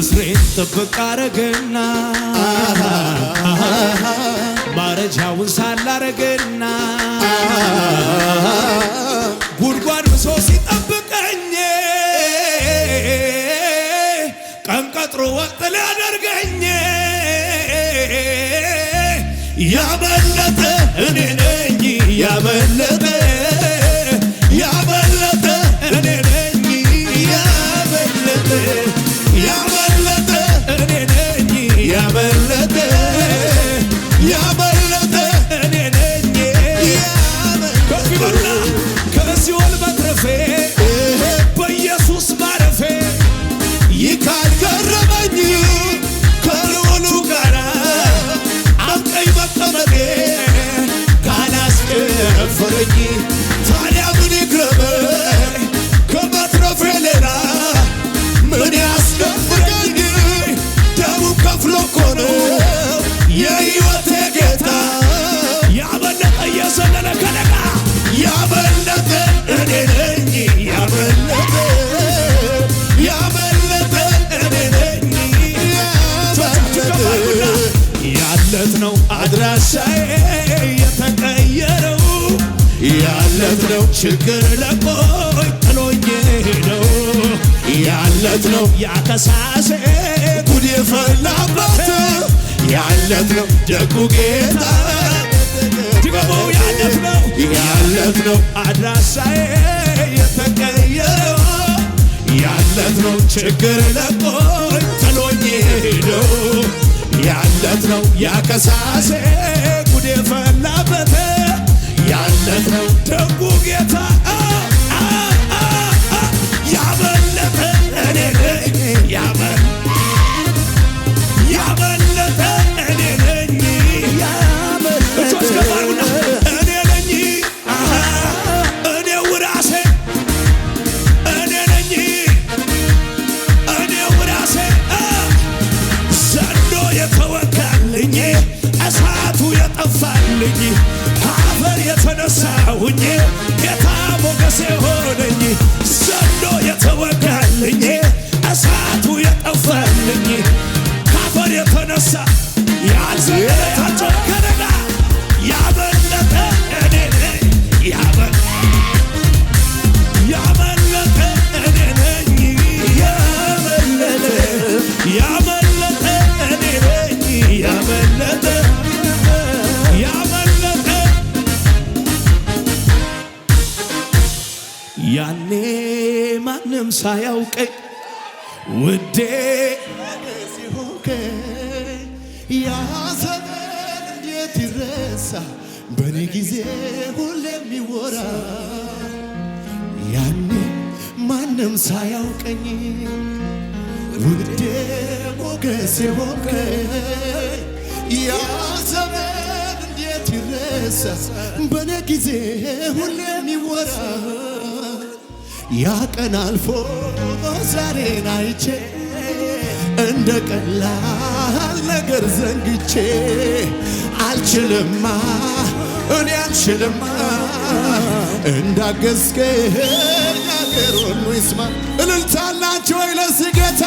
እስሬን ጥብቅ አረገና ማረጃውን ሳላረገና ጉድጓድ ሲጠብቀኝ ቀን ቀጥሮ ወቅት ሊያደርገኝ ያመለጠ እኔ ነኝ ያመለ ተስፋዬ የተቀየረው ያለት ነው ችግር ለቆኝ ጥሎኝ ሄደው ያለት ነው ያከሳሴ ጉድ የፈላበት ያለት ነው ደጉ ጌታ ድገመው ያለት ነው ያለት ነው አድራሻዬ የተቀየረው ያለት ነው ችግር ለቆኝ ጥሎኝ ሄደው ያለት ነው ያከሳሴ ጉድ የፈላበት ያለት ነው ደጉ ጌታ ሲነሳ በእኔ ጊዜ ሁሌ የሚወራ ያኔ ማንም ሳያውቀኝ ውዴ ሞገሴ ሆንከ ያ ዘመን እንዴት ይረሳ በእኔ ጊዜ ሁሌ የሚወራ ያ ቀን አልፎ ዛሬን አይቼ እንደ ቀላል ነገር ዘንግቼ አልችልማ እኔ አልችልማ ይስማ ጌታ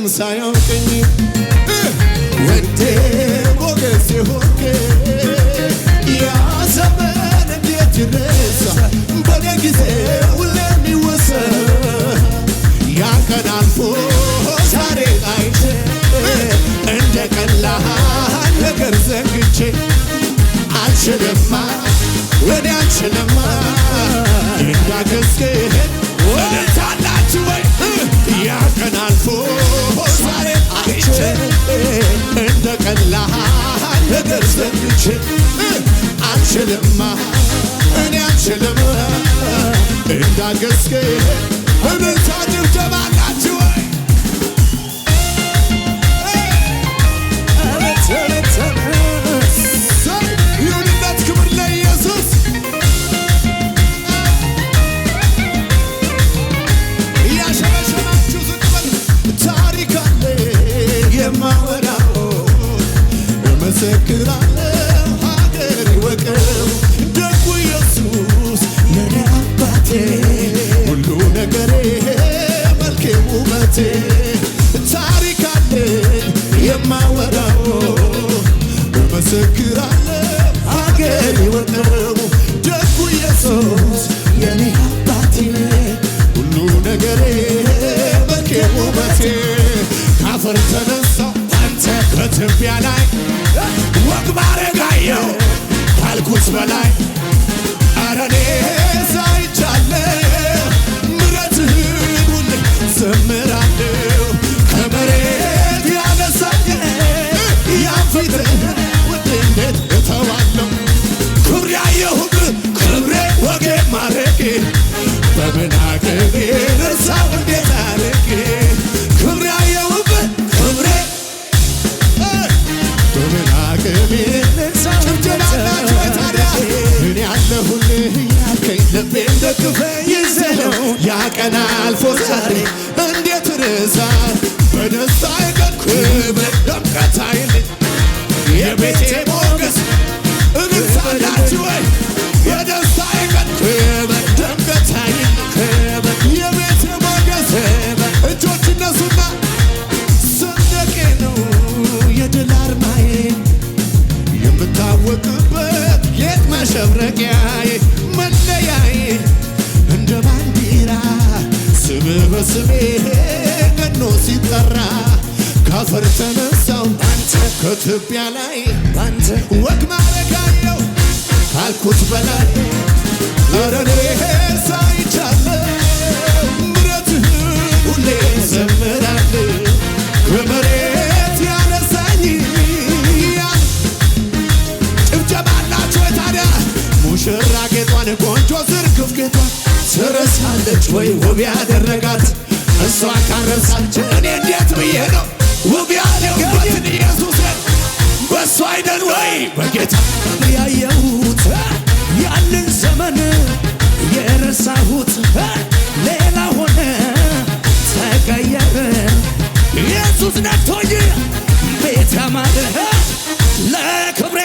ምንም ሳያውቀኝ ወዴ ሞገሴ ሆንክ ያ ዘመን እንዴት ይረሳ በኔ ጊዜ ሁሌ የሚወሰ ያ ቀን አልፎ ዛሬ አይቼ እንደ ቀላል ነገር ዘንግቼ አልችልማ ወኔ አልችልማ እንዳገዝግህን ዘንግቼ እንደ ቀላል ነገር ዘንግቼ አንችልማ እኔ አንችልም እንዳገዝከ እምልታ ድብደባላ take it out. ምን አድርጌ እርሳው በደስታ የቀኩ የቤቴ ሞገስ እንሳላችሁ ወይ በደስታ ከኢትዮጵያ ላይ ባንተ ወግ ማረጋለው ካልኩት በላይ አረኔ ሳይቻለው ምረትህን ሁሌ ዘምራል ከመሬት ያነሳኝ ጭብጨባ አላችሁ ታዲያ ሙሽራ ጌጧን ቆንጆ ዝርግፍ ጌጧን ትረሳለች ወይ ውብ ያደረጋት እሷ ካረሳች እኔ እንዴት ብዬ ነው እሱ አይደል ወይ በጌታ ያየሁት ያንን ዘመን የረሳሁት ሌላ ሆነ ተቀየረ ኢየሱስ ነቶይ ቤት ለክብሬ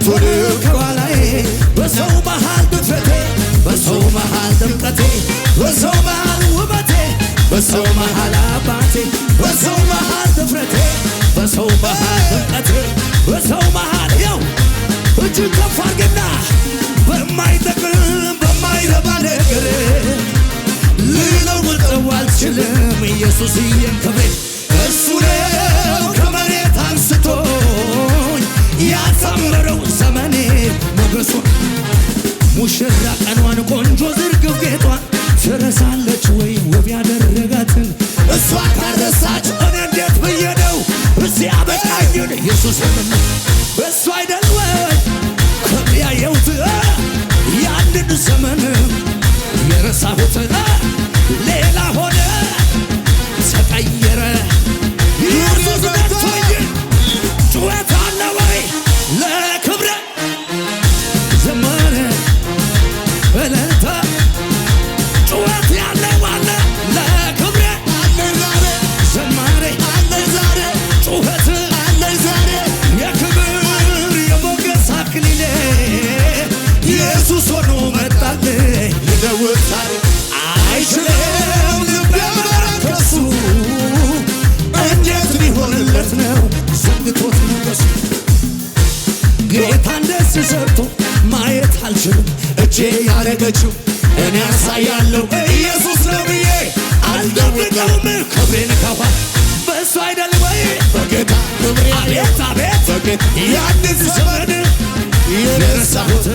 አትሆንም ከኋላዬ በሰው መሃል ድፍረቴ በሰው መሃል ድምቀቴ በሰው መሃል ውበቴ በሰው መሃል አባቴ በሰው መሃል ድፍረቴ በሰው መሃል ድምቀቴ በሰው መሃል ከፍ አድርግና በማይጠቅም በማይረባ ነገር አልችልም ኢየሱስ እየንከቤ እሱ ነው ያሳመረው ዘመኔ ሞገሷን ሙሽራ ቀኗን ቆንጆ ዝርግብ ጌጧን ትረሳለች ወይ አለችው። እኔ ያሳያለሁ ኢየሱስ ነው ብዬ አልደብቅም። ክብሬን ከፋ በእሱ አይደል ወይ በጌታ ክብሬ አቤት አቤት ያንን ዘመን የረሳሁት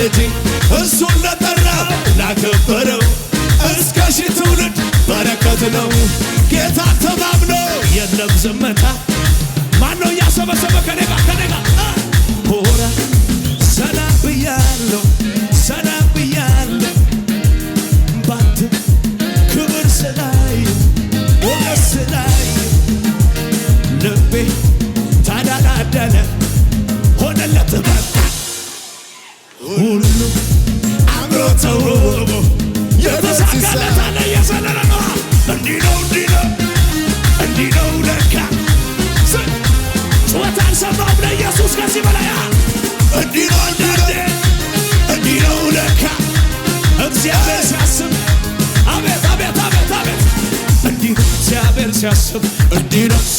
Melody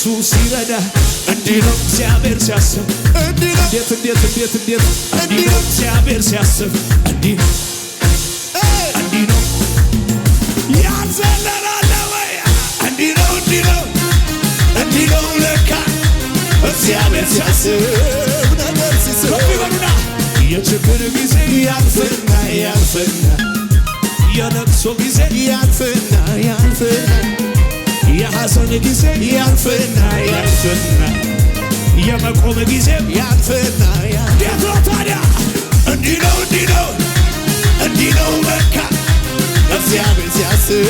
ኢየሱስ ሲረዳ እንዲህ ነው እግዚአብሔር ሲያስብ፣ እንዲህ ነው እንዴት እንዴት እንዴት እንዴት እንዲህ ነው እግዚአብሔር ሲያስብ፣ እንዲህ እንዲህ ነው ያዘለላለ ወይ እንዲህ ነው እንዲህ ነው እንዲህ ነው ለካ እግዚአብሔር ሲያስብ ነገር ሲስበሉና የችግር ጊዜ ያልፍና ያልፍና የለቅሶ ጊዜ ያልፍና ያልፍና የሐዘን ጊዜ ያልፍና ያልፍና የመቆም ጊዜ ያልፍና እንዴት ነው ታዲያ? እንዲህ ነው እንዲህ ነው እንዲህ ነው በቃ እግዚአብሔር ሲያስብ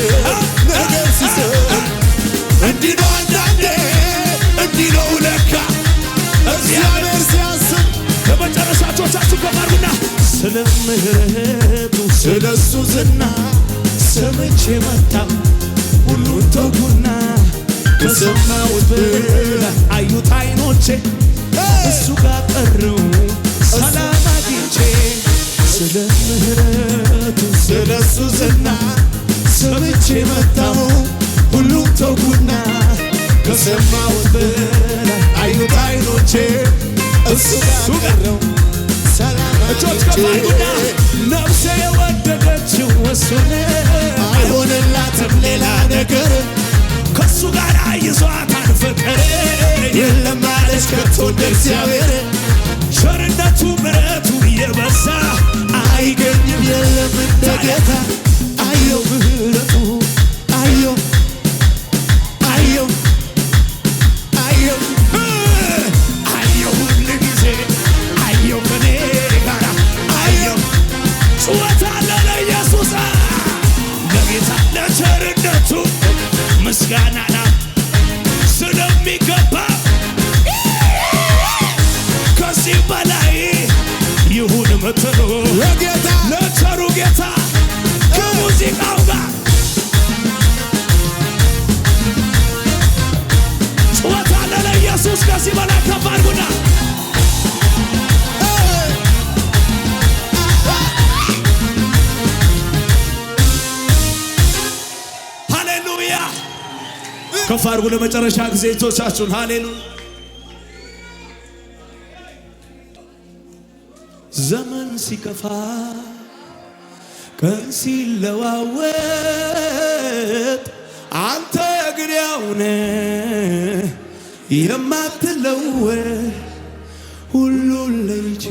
ነገር ሲሰብ እንዲህ ነው አንዳንዴ እንዲህ ነው ለካ እግዚአብሔር ሲያስብ ከመጨረሻዎቻችሁ ከማርጉና ስለ ምሕረቱ ስለ እሱ ዝና ሰምቼ መጣሁ ሁሉን ተውኩና ከሰማሁት በላይ አዩት አይኖቼ እሱ ጋር ቀረሁ ሰላም አግኝቼ ስለ ምህረቱ ስለ እሱ ዝና ሰምቼ መጣሁ ሁሉን ተውኩና ከሰማሁት አዩት አይኖቼ እሱ ጋር ቀረሁ ሰላም አግኝቼ ነፍሴ የወደደችው እሱ ነው የላትም ሌላ ነገር ከሱ ጋር ይዟታል ፍቅር የለም ማለች ከቶ እንደ እግዚአብሔር ቸርነቱ ምረቱ እየበዛ አይገኝም የለም እንደ ጌታ አድርጉ። ለመጨረሻ ጊዜ እጆቻችሁን ሃሌሉያ ዘመን ሲከፋ ቀን ሲለዋወጥ አንተ ግን ያውነ ነህ የማትለወጥ ሁሉን ለይቼ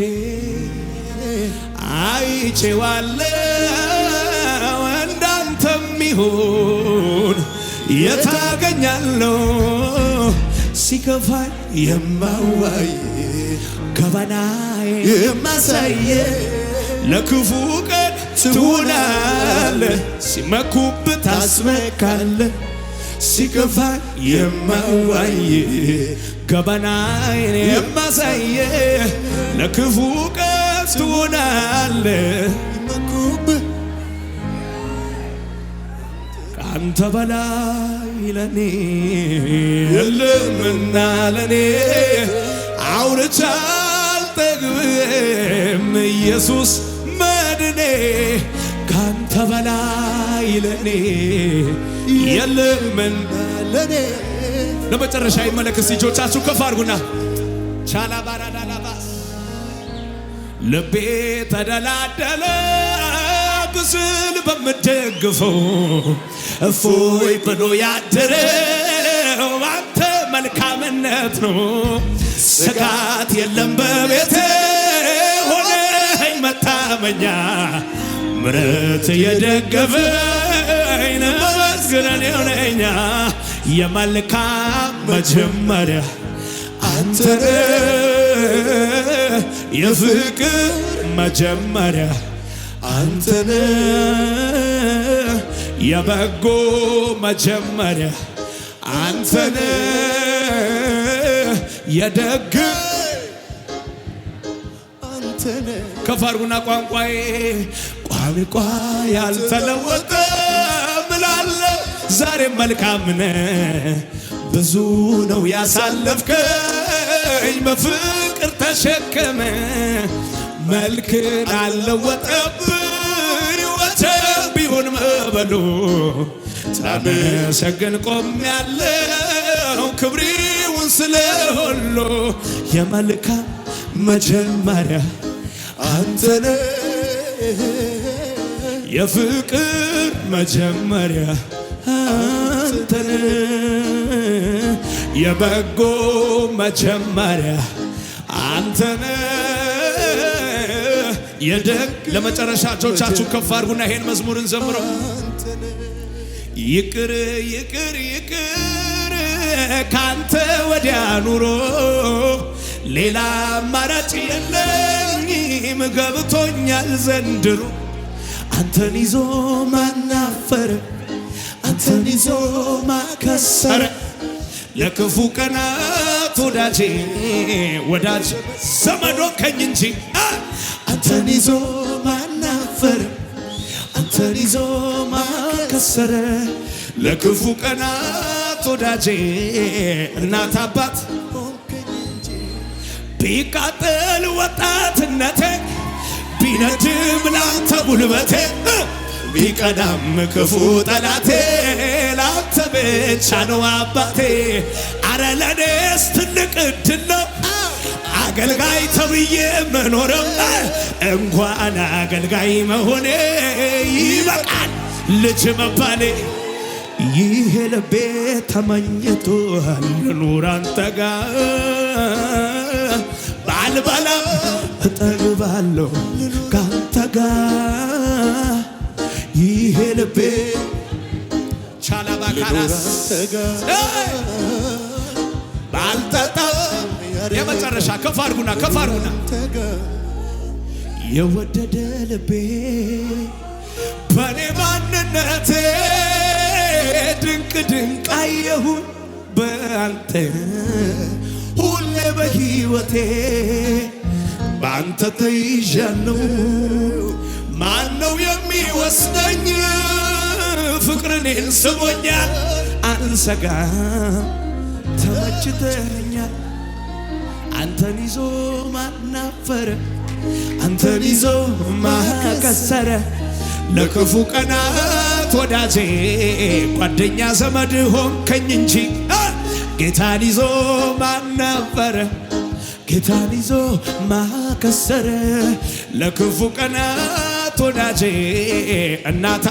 አይቼዋለሁ እንዳንተ ሚሆን የታገኛለሁ ሲከፋኝ የማዋይ ከበናዬ የማሳየ ለክፉ ቀን ትሆናለ ሲመኩብ ታስመካለ ሲከፋኝ የማዋይ ከበናዬ የማሳይ ለክፉ ቀን ትሆናለ ከአንተ በላይ ለኔ የለምና ለኔ አውርቻ አልጠግብም ኢየሱስ መድኔ ካንተ በላይ ለኔ የለምና ለኔ ለመጨረሻ ይመለከስ እጆቻችሁ ከፍ አድርጉና ቻላ ባራዳላባስ ልቤ ተደላደለ ብስል በምደግፈው እፎይ ብሎ ያደረው አንተ መልካምነት ነው። ስጋት የለም በቤቴ ሆነኝ መታመኛ ምረት የደገፈ መስግነን የሆነኛ የመልካም መጀመሪያ አንተ የፍቅር መጀመሪያ አንተነ የበጎ መጀመሪያ አንተነ የደግ አንተነ ከፋርጉና ቋንቋዬ ቋንቋ ያልተለወጠ ምላለ ዛሬም መልካምነ ብዙ ነው ያሳለፍከኝ በፍቅር ተሸከመ መልክን አልለወጠብ በሉ ሳመሰግን ቆም ያለው ክብሪውን ስለሁሉ የመልካም መጀመሪያ አንተነ የፍቅር መጀመሪያ አንተነ የበጎ መጀመሪያ አንተነ የደህግ ለመጨረሻ እጆቻችሁ ከፍ አድርጉና ይሄን መዝሙርን ዘምረው። ይቅር ይቅር ይቅር ካንተ ወዲያ ኑሮ ሌላ አማራጭ የለኝም ገብቶኛል ዘንድሮ አንተን ይዞ ማናፈረ አንተን ይዞ ማከሰረ ለክፉ ቀናት ወዳጄ ወዳጅ ዘመዶ ከኝ እንጂ አንተን ይዞ ማናፈር አንተን ይዞ ማከሰረ ለክፉ ቀናት ወዳጄ እናት አባት ቢቃጠል ወጣትነቴ ቢነድም ላንተ ጉልበቴ ቢቀዳም ክፉ ጠላቴ ላንተ ብቻ ነው አባቴ። አረ ለኔስ ትልቅ እድል ነው አገልጋይ ተብዬ መኖርም እንኳን አገልጋይ መሆኔ ይበቃል። ልጅ መባሌ ይሄ ልቤ ተመኝቶ ልኑር አንተ ጋ ባልበላ እጠግባለሁ ካንተ ጋ ይሄ ልቤ ቻላባካራስ ባልጠጣ የመጨረሻ ከፍ አድርጉና ከፍ አድርጉና የወደደ ልቤ በኔ ማንነቴ ድንቅ ድንቅ አየሁን በአንተ ሁሌ በሕይወቴ በአንተ ተይዣለሁ። ማነው የሚወስደኝ? ፍቅርኔን ስቦኛል፣ አንሰጋ ተመችተኛል አንተን ይዞ ማናፈረ አንተን ይዞ ማከሰረ ለክፉ ቀናት ወዳጄ ጓደኛ ዘመድ ሆንከኝ እንጂ ጌታን ይዞ ማናፈረ ጌታን ይዞ ማከሰረ ለክፉ ቀናት ወዳጄ እናታ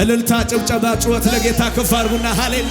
እልልታ፣ ጭብጨባ፣ ጩኸት ለጌታ ክፍ አድርጉና ሃሌል